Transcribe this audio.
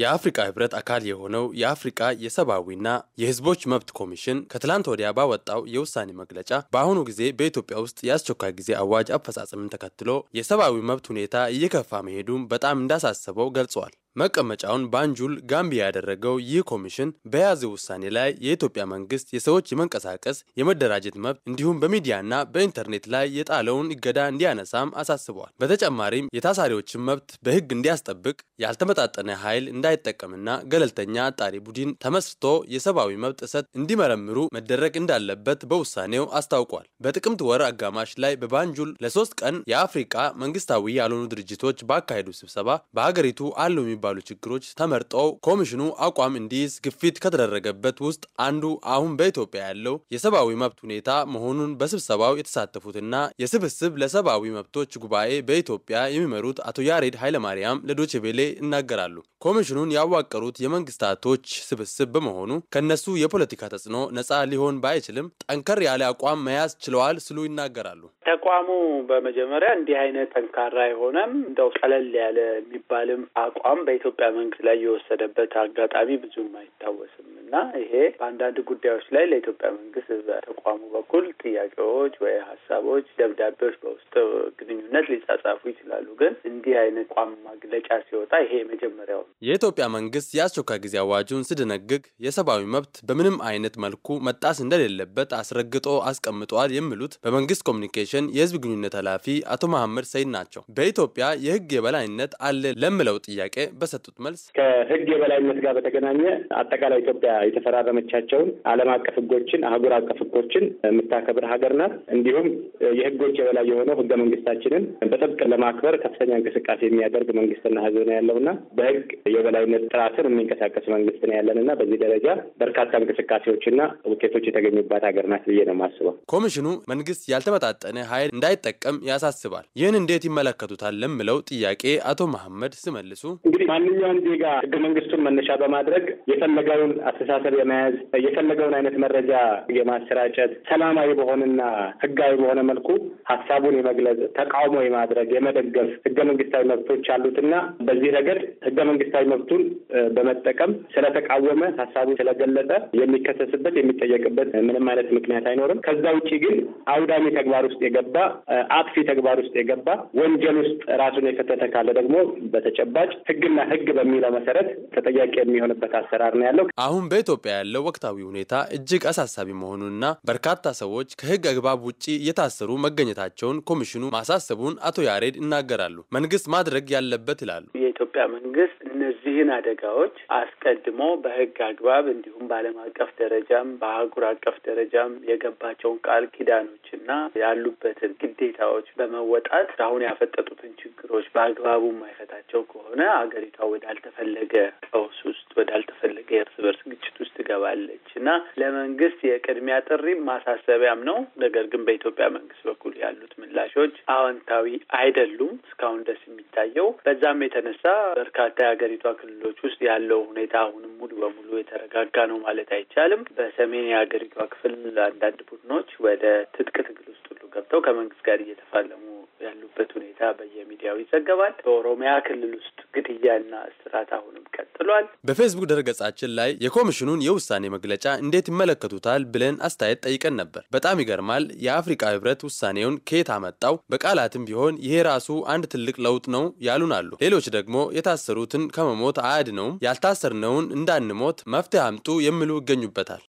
የአፍሪቃ ህብረት አካል የሆነው የአፍሪቃ የሰብአዊና የህዝቦች መብት ኮሚሽን ከትላንት ወዲያ ባወጣው የውሳኔ መግለጫ በአሁኑ ጊዜ በኢትዮጵያ ውስጥ የአስቸኳይ ጊዜ አዋጅ አፈጻጸምን ተከትሎ የሰብአዊ መብት ሁኔታ እየከፋ መሄዱን በጣም እንዳሳሰበው ገልጿል። መቀመጫውን ባንጁል ጋምቢያ ያደረገው ይህ ኮሚሽን በያዘው ውሳኔ ላይ የኢትዮጵያ መንግስት የሰዎች የመንቀሳቀስ የመደራጀት መብት እንዲሁም በሚዲያና በኢንተርኔት ላይ የጣለውን እገዳ እንዲያነሳም አሳስቧል። በተጨማሪም የታሳሪዎችን መብት በህግ እንዲያስጠብቅ ያልተመጣጠነ ኃይል እንዳይጠቀምና ገለልተኛ አጣሪ ቡድን ተመስርቶ የሰብአዊ መብት ጥሰት እንዲመረምሩ መደረግ እንዳለበት በውሳኔው አስታውቋል። በጥቅምት ወር አጋማሽ ላይ በባንጁል ለሶስት ቀን የአፍሪቃ መንግስታዊ ያልሆኑ ድርጅቶች ባካሄዱ ስብሰባ በሀገሪቱ አሉ የሚባሉ ችግሮች ተመርጠው ኮሚሽኑ አቋም እንዲይዝ ግፊት ከተደረገበት ውስጥ አንዱ አሁን በኢትዮጵያ ያለው የሰብአዊ መብት ሁኔታ መሆኑን በስብሰባው የተሳተፉትና የስብስብ ለሰብአዊ መብቶች ጉባኤ በኢትዮጵያ የሚመሩት አቶ ያሬድ ኃይለማርያም ለዶችቤሌ ይናገራሉ። ኮሚሽኑን ያዋቀሩት የመንግስታቶች ስብስብ በመሆኑ ከነሱ የፖለቲካ ተጽዕኖ ነፃ ሊሆን ባይችልም ጠንከር ያለ አቋም መያዝ ችለዋል ስሉ ይናገራሉ። ተቋሙ በመጀመሪያ እንዲህ አይነት ጠንካራ የሆነም እንደው ቀለል ያለ የሚባልም አቋም በኢትዮጵያ መንግስት ላይ የወሰደበት አጋጣሚ ብዙም አይታወስም እና ይሄ በአንዳንድ ጉዳዮች ላይ ለኢትዮጵያ መንግስት በተቋሙ በኩል ጥያቄዎች ወይ ሀሳቦች፣ ደብዳቤዎች በውስጥ ግንኙነት ሊጻጻፉ ይችላሉ። ግን እንዲህ አይነት አቋም መግለጫ ሲወጣ ይሄ የመጀመሪያው ነው። የኢትዮጵያ መንግስት የአስቸኳይ ጊዜ አዋጁን ስደነግግ የሰብአዊ መብት በምንም አይነት መልኩ መጣስ እንደሌለበት አስረግጦ አስቀምጠዋል የሚሉት በመንግስት ኮሚኒኬሽን ኮሚሽን የህዝብ ግንኙነት ኃላፊ አቶ መሐመድ ሰይድ ናቸው። በኢትዮጵያ የህግ የበላይነት አለ ለምለው ጥያቄ በሰጡት መልስ ከህግ የበላይነት ጋር በተገናኘ አጠቃላይ ኢትዮጵያ የተፈራረመቻቸውን ዓለም አቀፍ ህጎችን፣ አህጉር አቀፍ ህጎችን የምታከብር ሀገር ናት። እንዲሁም የህጎች የበላይ የሆነው ህገ መንግስታችንን በጥብቅ ለማክበር ከፍተኛ እንቅስቃሴ የሚያደርግ መንግስትና ህዝብ ነው ያለውና በህግ የበላይነት ጥራትን የሚንቀሳቀስ መንግስት ነው ያለንና በዚህ ደረጃ በርካታ እንቅስቃሴዎችና ውጤቶች የተገኙባት ሀገር ናት ብዬ ነው የማስበው። ኮሚሽኑ መንግስት ያልተመጣጠነ ኃይል እንዳይጠቀም ያሳስባል። ይህን እንዴት ይመለከቱታል ለምለው ጥያቄ አቶ መሐመድ ሲመልሱ እንግዲህ ማንኛውም ዜጋ ህገ መንግስቱን መነሻ በማድረግ የፈለገውን አስተሳሰብ የመያዝ የፈለገውን አይነት መረጃ የማሰራጨት ሰላማዊ በሆነና ህጋዊ በሆነ መልኩ ሀሳቡን የመግለጽ ተቃውሞ የማድረግ የመደገፍ ህገ መንግስታዊ መብቶች አሉትና በዚህ ረገድ ህገ መንግስታዊ መብቱን በመጠቀም ስለተቃወመ ሀሳቡን ስለገለጠ የሚከሰስበት የሚጠየቅበት ምንም አይነት ምክንያት አይኖርም። ከዛ ውጭ ግን አውዳሚ ተግባር ውስጥ የገባ አጥፊ ተግባር ውስጥ የገባ ወንጀል ውስጥ ራሱን የከተተ ካለ ደግሞ በተጨባጭ ህግና ህግ በሚለው መሰረት ተጠያቂ የሚሆንበት አሰራር ነው ያለው። አሁን በኢትዮጵያ ያለው ወቅታዊ ሁኔታ እጅግ አሳሳቢ መሆኑንና በርካታ ሰዎች ከህግ አግባብ ውጭ የታሰሩ መገኘታቸውን ኮሚሽኑ ማሳሰቡን አቶ ያሬድ ይናገራሉ። መንግስት ማድረግ ያለበት ይላሉ የኢትዮጵያ መንግስት እነዚህን አደጋዎች አስቀድሞ በህግ አግባብ እንዲሁም በዓለም አቀፍ ደረጃም በአህጉር አቀፍ ደረጃም የገባቸውን ቃል ኪዳኖች እና ያሉበትን ግዴታዎች በመወጣት አሁን ያፈጠጡትን ችግሮች በአግባቡ የማይፈታቸው ከሆነ አገሪቷ ወዳልተፈለገ ቀውስ ውስጥ ወዳልተፈለገ የእርስ በርስ ግጭት ውስጥ ትገባለች እና ለመንግስት የቅድሚያ ጥሪ ማሳሰቢያም ነው። ነገር ግን በኢትዮጵያ መንግስት በኩል ያሉት ምላሾች አዎንታዊ አይደሉም እስካሁን ደስ የሚታየው። በዛም የተነሳ በርካታ የሀገሪቷ ክልሎች ውስጥ ያለው ሁኔታ አሁንም ሙሉ በሙሉ የተረጋጋ ነው ማለት አይቻልም። በሰሜን የሀገሪቷ ክፍል አንዳንድ ቡድኖች ወደ ትጥቅ ትግል ውስጥ ሁሉ ገብተው ከመንግስት ጋር እየተፋለሙ ያሉበት ሁኔታ በየሚዲያው ይዘገባል። በኦሮሚያ ክልል ውስጥ ግድያና እስራት አሁንም ቀጥሏል። በፌስቡክ ድረገጻችን ላይ የኮሚሽኑን የውሳኔ መግለጫ እንዴት ይመለከቱታል ብለን አስተያየት ጠይቀን ነበር። በጣም ይገርማል። የአፍሪካ ህብረት ውሳኔውን ከየት አመጣው? በቃላትም ቢሆን ይሄ ራሱ አንድ ትልቅ ለውጥ ነው ያሉን አሉ። ሌሎች ደግሞ የታሰሩትን ከመሞት አያድነውም፣ ያልታሰርነውን እንዳንሞት መፍትሄ አምጡ የሚሉ ይገኙበታል።